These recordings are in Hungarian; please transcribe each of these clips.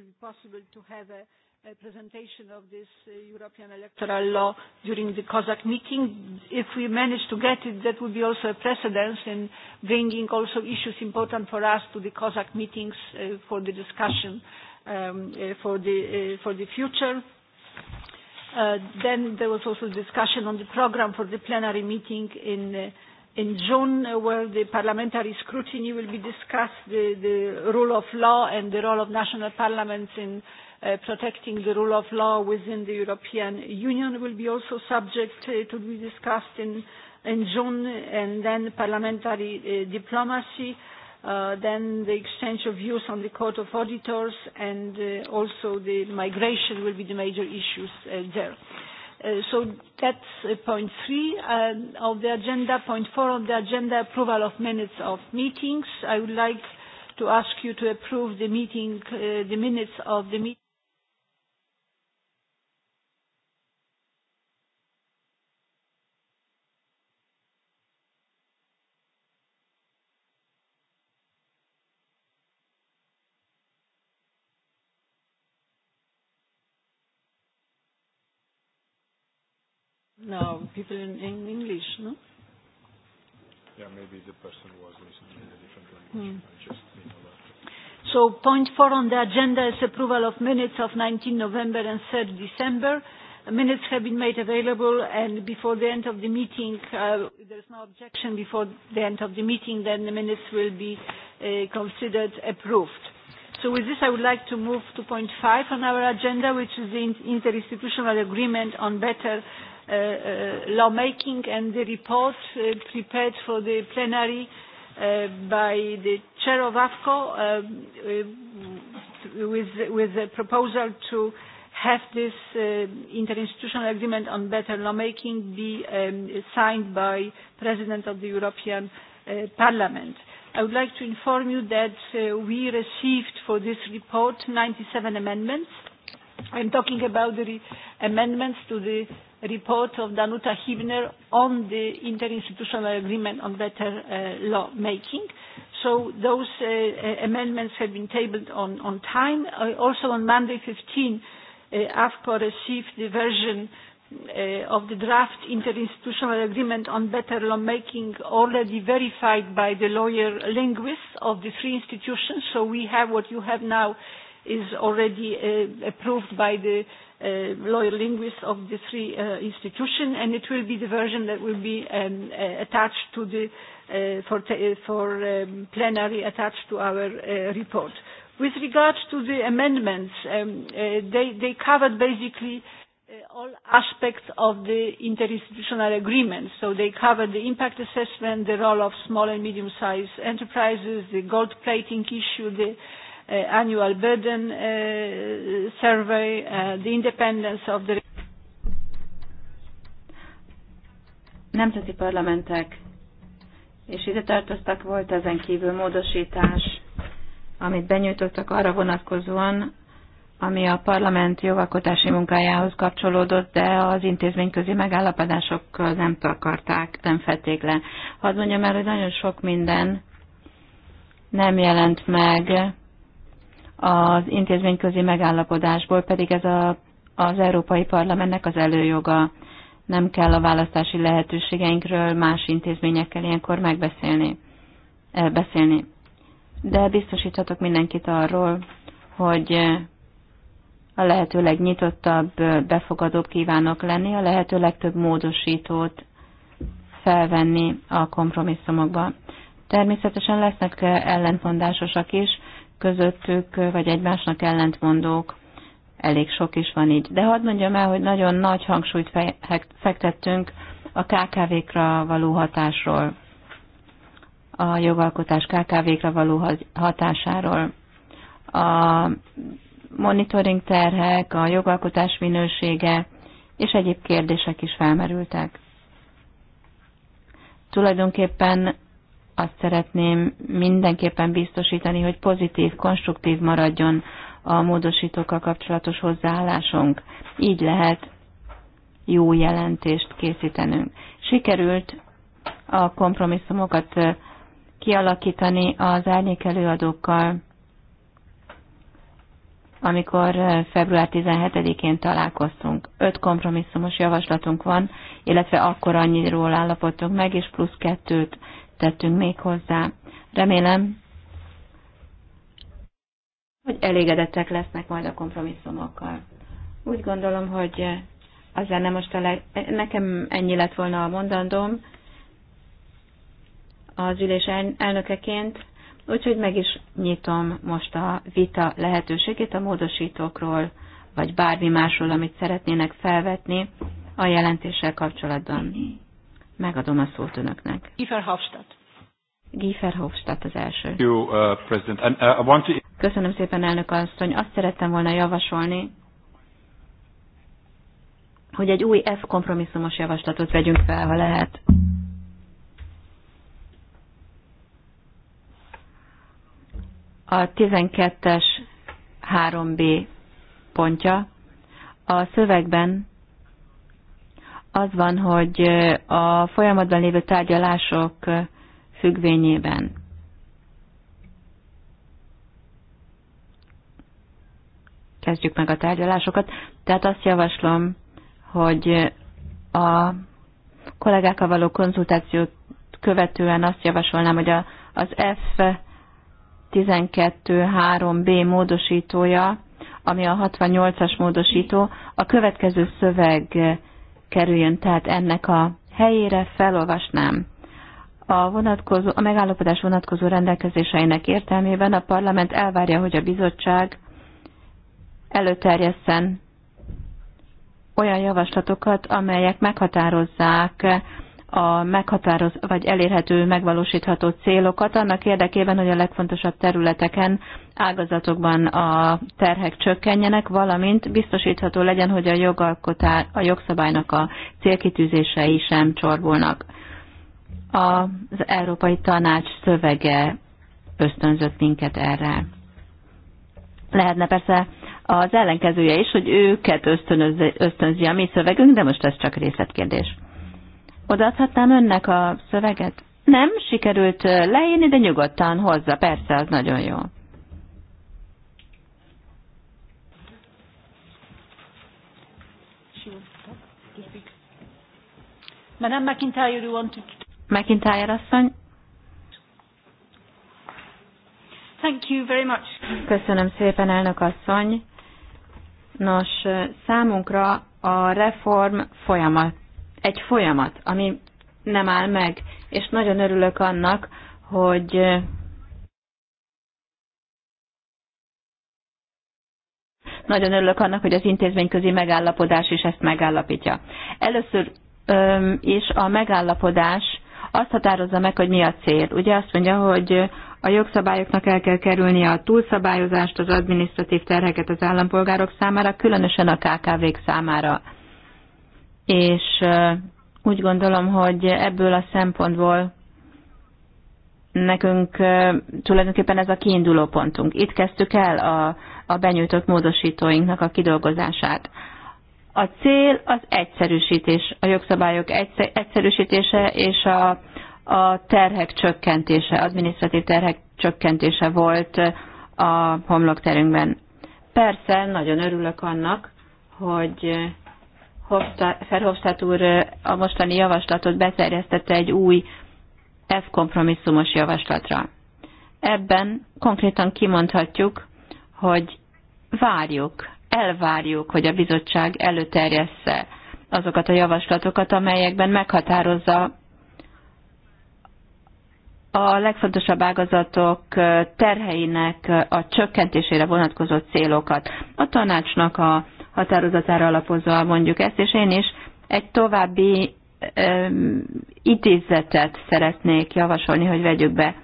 will be possible to have a, a presentation of this uh, European electoral law during the Cossack meeting. If we manage to get it, that would be also a precedence in bringing also issues important for us to the Cossack meetings uh, for the discussion um, uh, for, the, uh, for the future. Uh, then there was also discussion on the program for the plenary meeting in uh, in June, uh, where the parliamentary scrutiny will be discussed, the, the rule of law and the role of national parliaments in uh, protecting the rule of law within the European Union will be also subject uh, to be discussed in, in June, and then parliamentary uh, diplomacy, uh, then the exchange of views on the Court of Auditors, and uh, also the migration will be the major issues uh, there. Uh, Uh, so that's uh, point three um, of the agenda. Point four of the agenda, approval of minutes of meetings. I would like to ask you to approve the meeting, uh, the minutes of the meeting. now people in, in English, no? Yeah, maybe the person was listening in a different language. Mm. I just think about So point four on the agenda is approval of minutes of 19 November and 3rd December. Minutes have been made available and before the end of the meeting, uh, is no objection before the end of the meeting, then the minutes will be uh, considered approved. So with this, I would like to move to point five on our agenda, which is the interinstitutional agreement on better Uh, uh, lawmaking and the report uh, prepared for the plenary uh, by the chair of AFCO um, uh, with, with a proposal to have this uh, interinstitutional agreement on better lawmaking be um, signed by President of the European uh, Parliament. I would like to inform you that uh, we received for this report 97 amendments. I'm talking about the amendments to the report of Danuta Hübner on the interinstitutional agreement on better uh, law making. So those uh, uh, amendments have been tabled on, on time. Uh, also on Monday 15, uh, AFCO received the version uh, of the draft interinstitutional agreement on better lawmaking already verified by the lawyer linguists of the three institutions. So we have what you have now is already uh, approved by the uh, uh, lawyer linguists of the three uh, institutions, and it will be the version that will be um, uh, attached to the uh, for, uh, for um, plenary attached to our uh, report. With regard to the amendments, um, uh, they, they covered basically uh, all aspects of the interinstitutional agreement. So they covered the impact assessment, the role of small and medium-sized enterprises, the gold plating issue, the uh, uh, annual burden uh, survey, uh, the independence of the Nemzeti parlamentek, és ide tartoztak volt ezen kívül módosítás, amit benyújtottak arra vonatkozóan, ami a parlament jogalkotási munkájához kapcsolódott, de az intézményközi megállapodások nem takarták, nem fették le. Hadd mondjam el, hogy nagyon sok minden nem jelent meg az intézményközi megállapodásból, pedig ez a, az Európai Parlamentnek az előjoga. Nem kell a választási lehetőségeinkről más intézményekkel ilyenkor megbeszélni. Eh, beszélni. De biztosíthatok mindenkit arról, hogy eh, a lehető legnyitottabb, eh, befogadóbb kívánok lenni, a lehető legtöbb módosítót felvenni a kompromisszumokba. Természetesen lesznek ellentmondásosak is, közöttük, vagy egymásnak ellentmondók. Elég sok is van így. De hadd mondjam el, hogy nagyon nagy hangsúlyt fektettünk a KKV-kra való hatásról, a jogalkotás KKV-kra való hatásáról. A monitoring terhek, a jogalkotás minősége és egyéb kérdések is felmerültek. Tulajdonképpen azt szeretném mindenképpen biztosítani, hogy pozitív, konstruktív maradjon a módosítókkal kapcsolatos hozzáállásunk. Így lehet jó jelentést készítenünk. Sikerült a kompromisszumokat kialakítani az árnyék előadókkal, amikor február 17-én találkoztunk. Öt kompromisszumos javaslatunk van, illetve akkor annyiról állapodtunk meg, és plusz kettőt tettünk még hozzá. Remélem, hogy elégedettek lesznek majd a kompromisszumokkal. Úgy gondolom, hogy az lenne most a leg... nekem ennyi lett volna a mondandóm az ülés elnökeként, úgyhogy meg is nyitom most a vita lehetőségét a módosítókról, vagy bármi másról, amit szeretnének felvetni a jelentéssel kapcsolatban. Megadom a szót önöknek. Giefer Hofstadt. Giefer Hofstadt az első. You, uh, President. And, uh, I want to... Köszönöm szépen, elnök asszony. Azt szerettem volna javasolni, hogy egy új F kompromisszumos javaslatot vegyünk fel, ha lehet. A 12-es 3B pontja a szövegben az van, hogy a folyamatban lévő tárgyalások függvényében kezdjük meg a tárgyalásokat. Tehát azt javaslom, hogy a kollégákkal való konzultációt követően azt javasolnám, hogy a, az F123B módosítója, ami a 68-as módosító, a következő szöveg kerüljön tehát ennek a helyére, felolvasnám. A, vonatkozó, a megállapodás vonatkozó rendelkezéseinek értelmében a parlament elvárja, hogy a bizottság előterjesszen olyan javaslatokat, amelyek meghatározzák a meghatároz, vagy elérhető, megvalósítható célokat annak érdekében, hogy a legfontosabb területeken, ágazatokban a terhek csökkenjenek, valamint biztosítható legyen, hogy a, jogalkotá, a jogszabálynak a célkitűzései sem csorbulnak. Az Európai Tanács szövege ösztönzött minket erre. Lehetne persze az ellenkezője is, hogy őket ösztönöz, a mi szövegünk, de most ez csak részletkérdés. Odaadhatnám önnek a szöveget? Nem, sikerült leírni, de nyugodtan hozza, persze, az nagyon jó. Madame McIntyre, you want to... McIntyre asszony. Thank you very much. Köszönöm szépen, elnök asszony. Nos, számunkra a reform folyamat egy folyamat, ami nem áll meg, és nagyon örülök annak, hogy nagyon örülök annak, hogy az intézményközi megállapodás is ezt megállapítja. Először öm, is a megállapodás azt határozza meg, hogy mi a cél. Ugye azt mondja, hogy a jogszabályoknak el kell kerülni a túlszabályozást, az adminisztratív terheket az állampolgárok számára, különösen a KKV-k számára és úgy gondolom, hogy ebből a szempontból nekünk tulajdonképpen ez a kiinduló pontunk. Itt kezdtük el a, a benyújtott módosítóinknak a kidolgozását. A cél az egyszerűsítés, a jogszabályok egyszerűsítése és a, a terhek csökkentése, adminisztratív terhek csökkentése volt a homlokterünkben. Persze, nagyon örülök annak, hogy Verhofstadt úr a mostani javaslatot beterjesztette egy új F kompromisszumos javaslatra. Ebben konkrétan kimondhatjuk, hogy várjuk, elvárjuk, hogy a bizottság előterjessze azokat a javaslatokat, amelyekben meghatározza a legfontosabb ágazatok terheinek a csökkentésére vonatkozó célokat. A tanácsnak a határozatára alapozva mondjuk ezt, és én is egy további um, idézetet szeretnék javasolni, hogy vegyük be.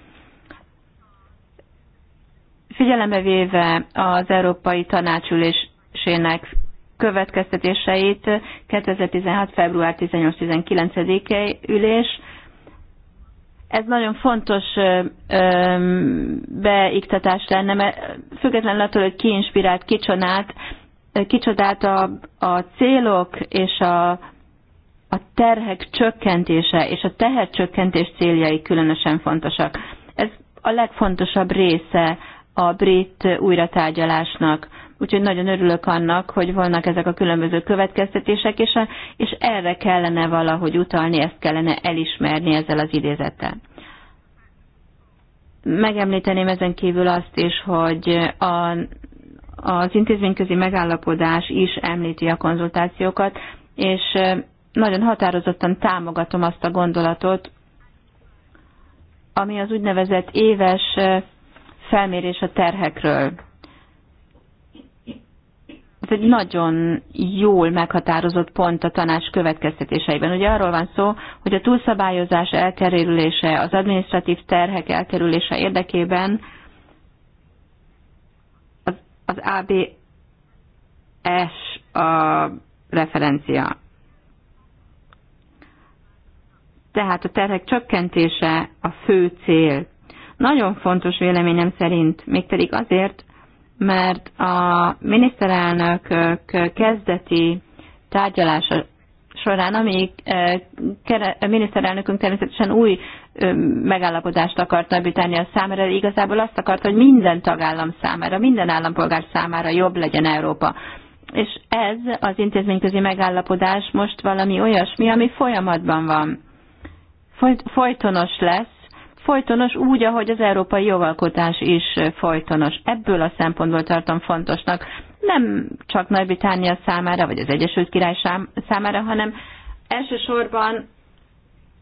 Figyelembe véve az Európai Tanácsülésének következtetéseit 2016. február 18-19-i ülés, ez nagyon fontos beiktatás lenne, mert függetlenül attól, hogy ki inspirált, ki csonált, kicsodát a, a célok és a, a terhek csökkentése és a tehercsökkentés céljai különösen fontosak. Ez a legfontosabb része a brit újratárgyalásnak. Úgyhogy nagyon örülök annak, hogy vannak ezek a különböző következtetések, és, a, és erre kellene valahogy utalni, ezt kellene elismerni ezzel az idézettel. Megemlíteném ezen kívül azt is, hogy a az intézményközi megállapodás is említi a konzultációkat, és nagyon határozottan támogatom azt a gondolatot, ami az úgynevezett éves felmérés a terhekről. Ez egy nagyon jól meghatározott pont a tanács következtetéseiben. Ugye arról van szó, hogy a túlszabályozás elkerülése, az administratív terhek elkerülése érdekében az ABS a referencia. Tehát a terhek csökkentése a fő cél. Nagyon fontos véleményem szerint, mégpedig azért, mert a miniszterelnökök kezdeti tárgyalása során, amíg eh, miniszterelnökünk természetesen új megállapodást akart Nagy-Britannia számára, igazából azt akart, hogy minden tagállam számára, minden állampolgár számára jobb legyen Európa. És ez az intézményközi megállapodás most valami olyasmi, ami folyamatban van. Folytonos lesz, folytonos úgy, ahogy az európai jogalkotás is folytonos. Ebből a szempontból tartom fontosnak, nem csak Nagy-Britannia számára, vagy az Egyesült Király számára, hanem elsősorban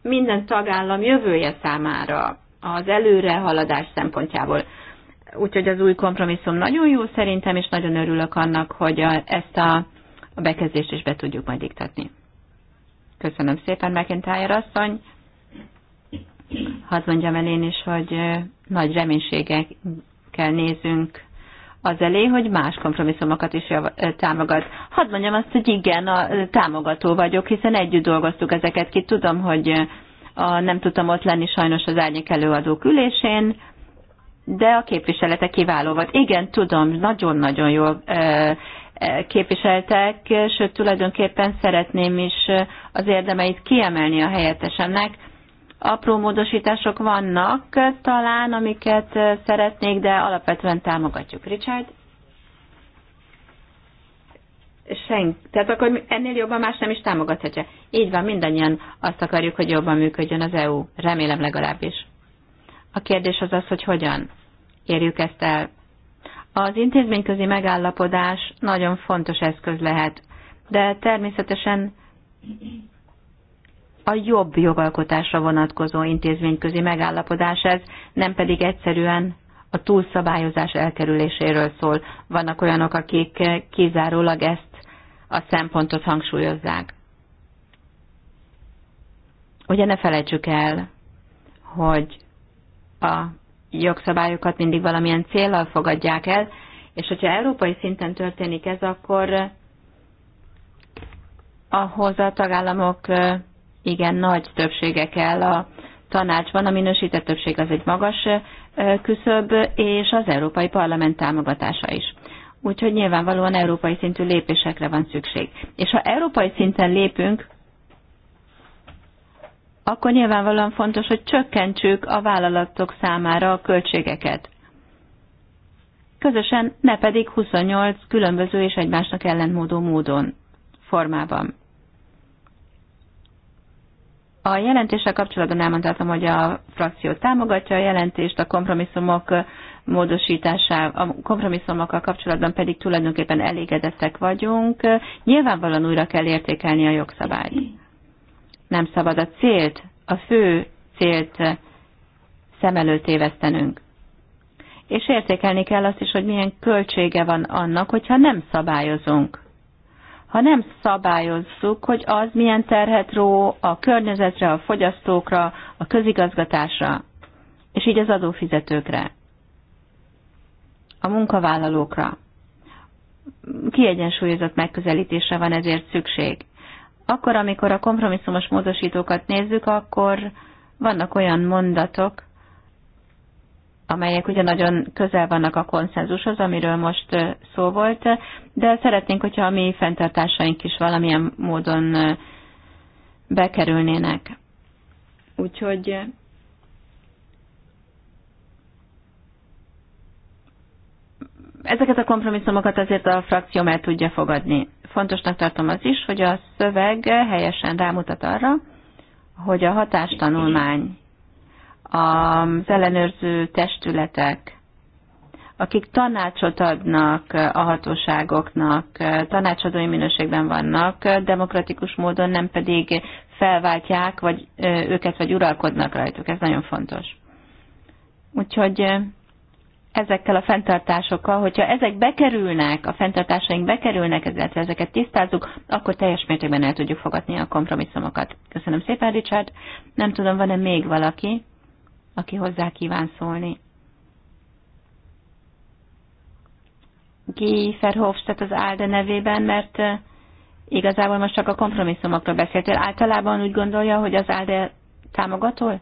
minden tagállam jövője számára, az előrehaladás szempontjából. Úgyhogy az új kompromisszum nagyon jó szerintem, és nagyon örülök annak, hogy a, ezt a, a bekezdést is be tudjuk majd diktatni. Köszönöm szépen, McIntyre asszony. Hadd mondjam el én is, hogy nagy reménységekkel nézünk az elé, hogy más kompromisszumokat is támogat. Hadd mondjam azt, hogy igen, a, támogató vagyok, hiszen együtt dolgoztuk ezeket ki. Tudom, hogy a, nem tudtam ott lenni sajnos az árnyék előadók ülésén, de a képviselete kiváló volt. Igen, tudom, nagyon-nagyon jól e, képviseltek, sőt tulajdonképpen szeretném is az érdemeit kiemelni a helyettesemnek, apró módosítások vannak talán, amiket szeretnék, de alapvetően támogatjuk. Richard? Senk. Tehát akkor ennél jobban más nem is támogathatja. Így van, mindannyian azt akarjuk, hogy jobban működjön az EU. Remélem legalábbis. A kérdés az az, hogy hogyan érjük ezt el. Az intézményközi megállapodás nagyon fontos eszköz lehet, de természetesen a jobb jogalkotásra vonatkozó intézményközi megállapodás ez, nem pedig egyszerűen a túlszabályozás elkerüléséről szól. Vannak olyanok, akik eh, kizárólag ezt a szempontot hangsúlyozzák. Ugye ne felejtsük el, hogy a jogszabályokat mindig valamilyen célral fogadják el, és hogyha európai szinten történik ez, akkor eh, ahhoz a tagállamok eh, igen nagy többsége kell a tanácsban, a minősített többség az egy magas küszöb, és az Európai Parlament támogatása is. Úgyhogy nyilvánvalóan európai szintű lépésekre van szükség. És ha európai szinten lépünk, akkor nyilvánvalóan fontos, hogy csökkentsük a vállalatok számára a költségeket. Közösen, ne pedig 28 különböző és egymásnak ellentmódó módon, formában. A jelentéssel kapcsolatban elmondhatom, hogy a frakció támogatja a jelentést, a kompromisszumok módosításával, a kompromisszumokkal kapcsolatban pedig tulajdonképpen elégedettek vagyunk. Nyilvánvalóan újra kell értékelni a jogszabályt. Nem szabad a célt, a fő célt szem előtt évesztenünk. És értékelni kell azt is, hogy milyen költsége van annak, hogyha nem szabályozunk ha nem szabályozzuk, hogy az milyen terhet ró a környezetre, a fogyasztókra, a közigazgatásra, és így az adófizetőkre, a munkavállalókra. Kiegyensúlyozott megközelítésre van ezért szükség. Akkor, amikor a kompromisszumos módosítókat nézzük, akkor vannak olyan mondatok, amelyek ugye nagyon közel vannak a konszenzushoz, amiről most szó volt, de szeretnénk, hogyha a mi fenntartásaink is valamilyen módon bekerülnének. Úgyhogy ezeket a kompromisszumokat azért a frakció el tudja fogadni. Fontosnak tartom az is, hogy a szöveg helyesen rámutat arra, hogy a hatástanulmány az ellenőrző testületek, akik tanácsot adnak a hatóságoknak, tanácsadói minőségben vannak, demokratikus módon nem pedig felváltják vagy őket, vagy uralkodnak rajtuk. Ez nagyon fontos. Úgyhogy ezekkel a fenntartásokkal, hogyha ezek bekerülnek, a fenntartásaink bekerülnek, ezért ezeket tisztázzuk, akkor teljes mértékben el tudjuk fogadni a kompromisszumokat. Köszönöm szépen, Richard. Nem tudom, van-e még valaki? aki hozzá kíván szólni. Guy Verhofstadt az álda nevében, mert eh, igazából most csak a kompromisszumokról beszéltél. Általában úgy gondolja, hogy az álda támogató?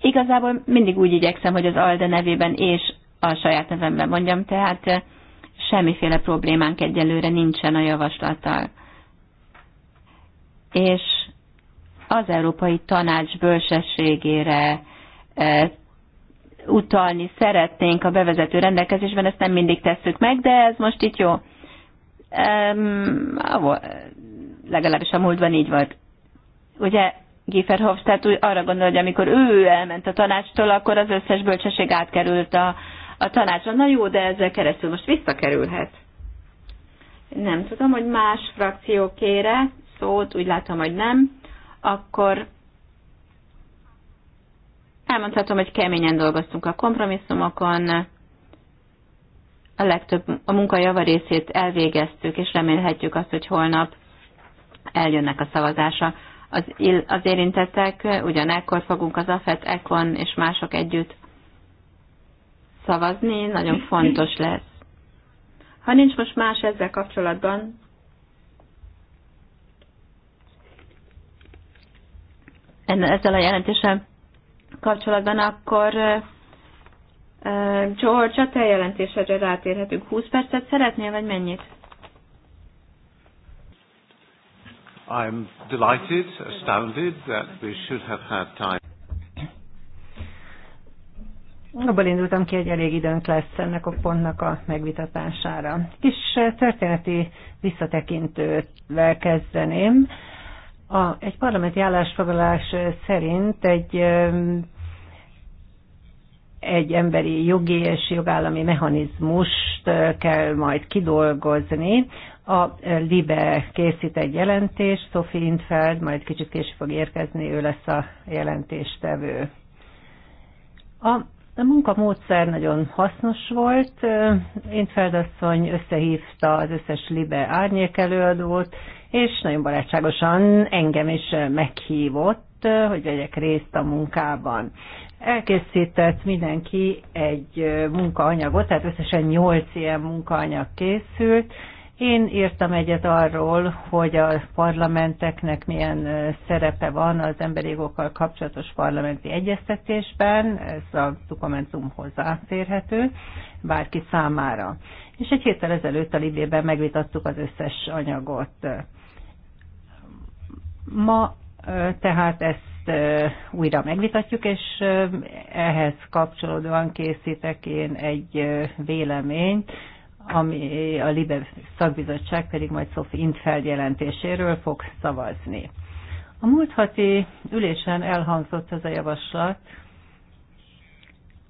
Igazából mindig úgy igyekszem, hogy az Alde nevében és a saját nevemben mondjam, tehát eh, semmiféle problémánk egyelőre nincsen a javaslattal. És az Európai Tanács bölcsességére e, utalni szeretnénk a bevezető rendelkezésben, ezt nem mindig tesszük meg, de ez most itt jó. Um, legalábbis a múltban így volt. Ugye Giefer Hofstadt úgy arra gondol, hogy amikor ő elment a tanácstól, akkor az összes bölcsesség átkerült a, a tanácsra. Na jó, de ezzel keresztül most visszakerülhet. Nem tudom, hogy más frakció kére szót, úgy látom, hogy nem akkor elmondhatom, hogy keményen dolgoztunk a kompromisszumokon, a legtöbb a munka javarészét elvégeztük, és remélhetjük azt, hogy holnap eljönnek a szavazása. Az, az érintettek ugyanekkor fogunk az AFET, ECON és mások együtt szavazni, nagyon fontos lesz. Ha nincs most más ezzel kapcsolatban, ezzel a jelentéssel kapcsolatban, akkor George, a te jelentésedre rátérhetünk. 20 percet szeretnél, vagy mennyit? I'm delighted, astounded that we should have had time. Abból indultam ki, hogy elég időnk lesz ennek a pontnak a megvitatására. Kis történeti visszatekintővel kezdeném. A, egy parlamenti állásfoglalás szerint egy egy emberi jogi és jogállami mechanizmust eh, kell majd kidolgozni. A eh, LIBE készít egy jelentést, Sophie Intfeld majd kicsit később fog érkezni, ő lesz a jelentéstevő. A a munkamódszer nagyon hasznos volt. Én feldasszony összehívta az összes Libe árnyék előadót, és nagyon barátságosan engem is meghívott, hogy vegyek részt a munkában. Elkészített mindenki egy munkaanyagot, tehát összesen nyolc ilyen munkaanyag készült, én írtam egyet arról, hogy a parlamenteknek milyen szerepe van az emberi jogokkal kapcsolatos parlamenti egyeztetésben, ez a dokumentum hozzáférhető bárki számára. És egy héttel ezelőtt a Libében megvitattuk az összes anyagot. Ma tehát ezt újra megvitatjuk, és ehhez kapcsolódóan készítek én egy véleményt, ami a LIBE szakbizottság pedig majd Sophie Intfeld jelentéséről fog szavazni. A múlt hati ülésen elhangzott az a javaslat,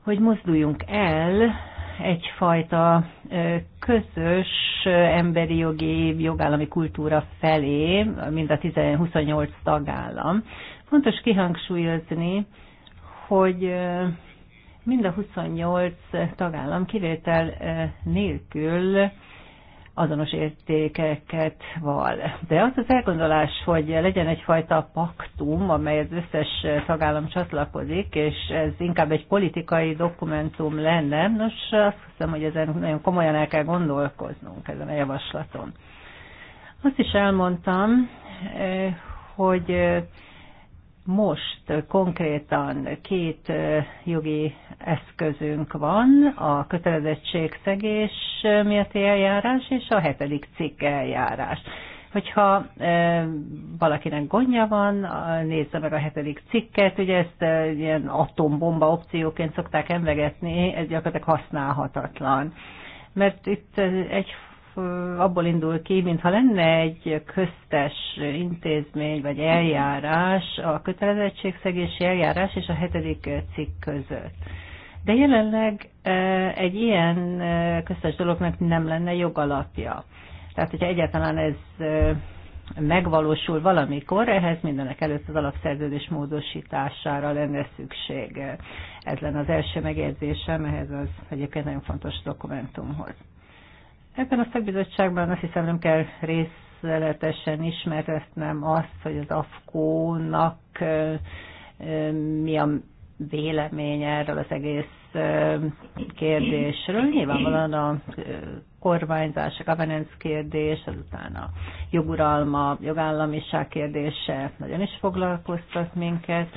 hogy mozduljunk el egyfajta közös emberi jogi jogállami kultúra felé, mind a 28 tagállam. Fontos kihangsúlyozni, hogy mind a 28 tagállam kivétel nélkül azonos értékeket val. De az az elgondolás, hogy legyen egyfajta paktum, amely az összes tagállam csatlakozik, és ez inkább egy politikai dokumentum lenne, nos azt hiszem, hogy ezen nagyon komolyan el kell gondolkoznunk ezen a javaslaton. Azt is elmondtam, hogy most konkrétan két jogi eszközünk van, a kötelezettségszegés miatti eljárás és a hetedik cikk eljárás. Hogyha e, valakinek gondja van, nézze meg a hetedik cikket, ugye ezt e, ilyen atombomba opcióként szokták emlegetni, ez gyakorlatilag használhatatlan. Mert itt egy abból indul ki, mintha lenne egy köztes intézmény vagy eljárás, a kötelezettségszegési eljárás és a hetedik cikk között. De jelenleg e, egy ilyen e, köztes dolognak nem lenne jogalapja. Tehát, hogyha egyáltalán ez e, megvalósul valamikor, ehhez mindenek előtt az alapszerződés módosítására lenne szükség. Ez lenne az első megérzésem ehhez az egyébként nagyon fontos dokumentumhoz. Ebben a szakbizottságban azt hiszem nem kell részletesen ismertetnem azt, hogy az afko nak mi a vélemény erről az egész kérdésről. Nyilvánvalóan a kormányzás, a governance kérdés, azután a joguralma, jogállamiság kérdése nagyon is foglalkoztat minket.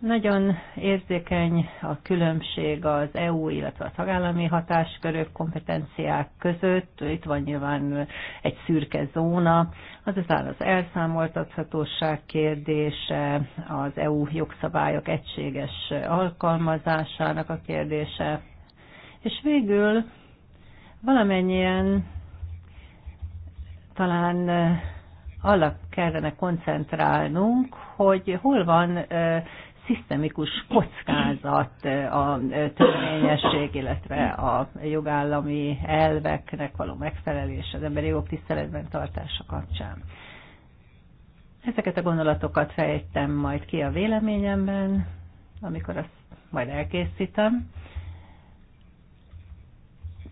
Nagyon érzékeny a különbség az EU, illetve a tagállami hatáskörök, kompetenciák között. Itt van nyilván egy szürke zóna. az az elszámoltathatóság kérdése, az EU jogszabályok egységes alkalmazásának a kérdése. És végül valamennyien talán eh, alap kellene koncentrálnunk, hogy hol van eh, szisztemikus kockázat a törvényesség, illetve a jogállami elveknek való megfelelés az emberi jogok tiszteletben tartása kapcsán. Ezeket a gondolatokat fejtem majd ki a véleményemben, amikor azt majd elkészítem.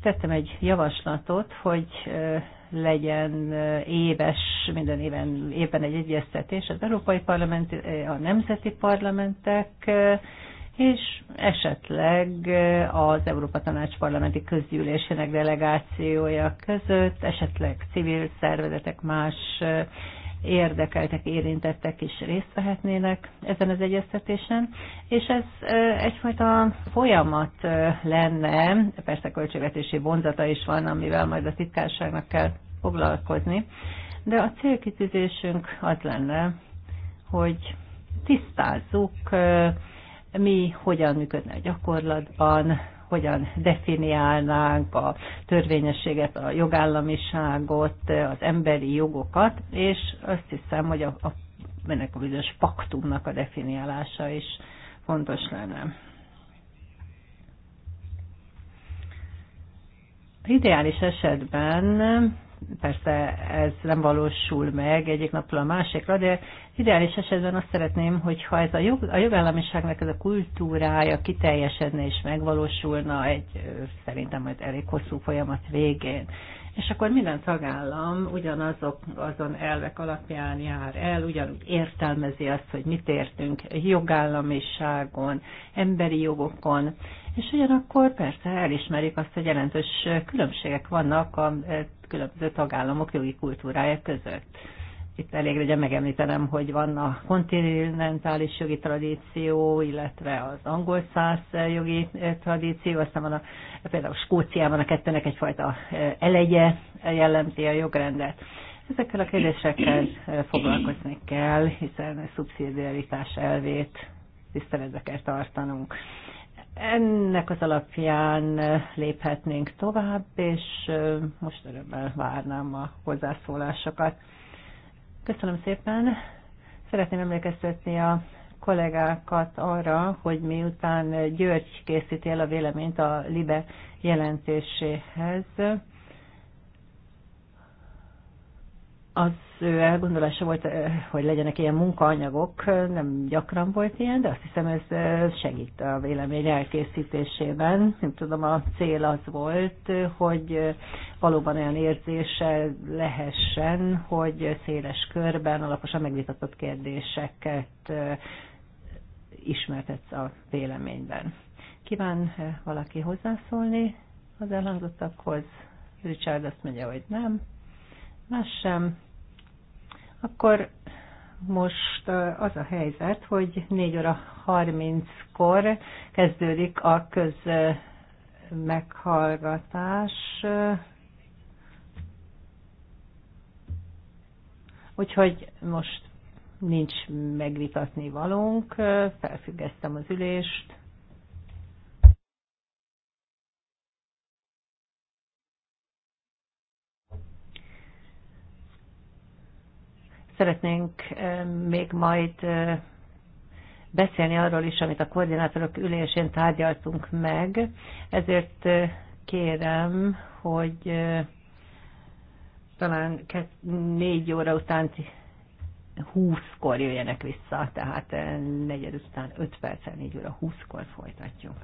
Tettem egy javaslatot, hogy legyen eh, éves, minden éven, éppen egy egyeztetés az Európai Parlament, eh, a nemzeti parlamentek, eh, és esetleg az Európa Tanács parlamenti közgyűlésének delegációja között, esetleg civil szervezetek, más érdekeltek, érintettek is részt vehetnének ezen az egyeztetésen, és ez egyfajta folyamat lenne, persze költségvetési vonzata is van, amivel majd a titkárságnak kell foglalkozni, de a célkitűzésünk az lenne, hogy tisztázzuk, mi hogyan működne a gyakorlatban, hogyan definiálnánk a törvényességet, a jogállamiságot, az emberi jogokat, és azt hiszem, hogy a, a, ennek a bizonyos paktumnak a definiálása is fontos lenne. Ideális esetben persze ez nem valósul meg egyik napról a másikra, de ideális esetben azt szeretném, hogyha ez a, jog, a jogállamiságnak ez a kultúrája kiteljesedne és megvalósulna egy szerintem majd elég hosszú folyamat végén és akkor minden tagállam ugyanazok azon elvek alapján jár el, ugyanúgy értelmezi azt, hogy mit értünk jogállamiságon, emberi jogokon, és ugyanakkor persze elismerik azt, hogy jelentős különbségek vannak a eh, különböző tagállamok jogi kultúrája között itt elég legyen megemlítenem, hogy van a kontinentális jogi tradíció, illetve az angol száz jogi eh, tradíció, aztán van a, például Skóciában a kettőnek egyfajta eh, elegye jellemzi a jogrendet. Ezekkel a kérdésekkel eh, foglalkozni kell, hiszen a szubszidiaritás elvét tiszteletbe kell tartanunk. Ennek az alapján léphetnénk tovább, és most örömmel várnám a hozzászólásokat. Köszönöm szépen. Szeretném emlékeztetni a kollégákat arra, hogy miután György készíti el a véleményt a LIBE jelentéséhez, az ő elgondolása volt, eh, hogy legyenek ilyen munkaanyagok, nem gyakran volt ilyen, de azt hiszem ez eh, segít a vélemény elkészítésében. Nem tudom, a cél az volt, hogy eh, valóban olyan érzéssel lehessen, hogy széles körben alaposan megvitatott kérdéseket ismertetsz a véleményben. Kíván valaki hozzászólni az elhangzottakhoz? Richard azt mondja, hogy nem. Más sem akkor most az a helyzet, hogy 4 óra 30-kor kezdődik a köz meghallgatás. Úgyhogy most nincs megvitatni valónk, felfüggesztem az ülést. Szeretnénk még majd beszélni arról is, amit a koordinátorok ülésén tárgyaltunk meg, ezért kérem, hogy talán négy óra után 20-kor jöjjenek vissza, tehát negyed után 5 perccel 4 óra 20-kor folytatjuk.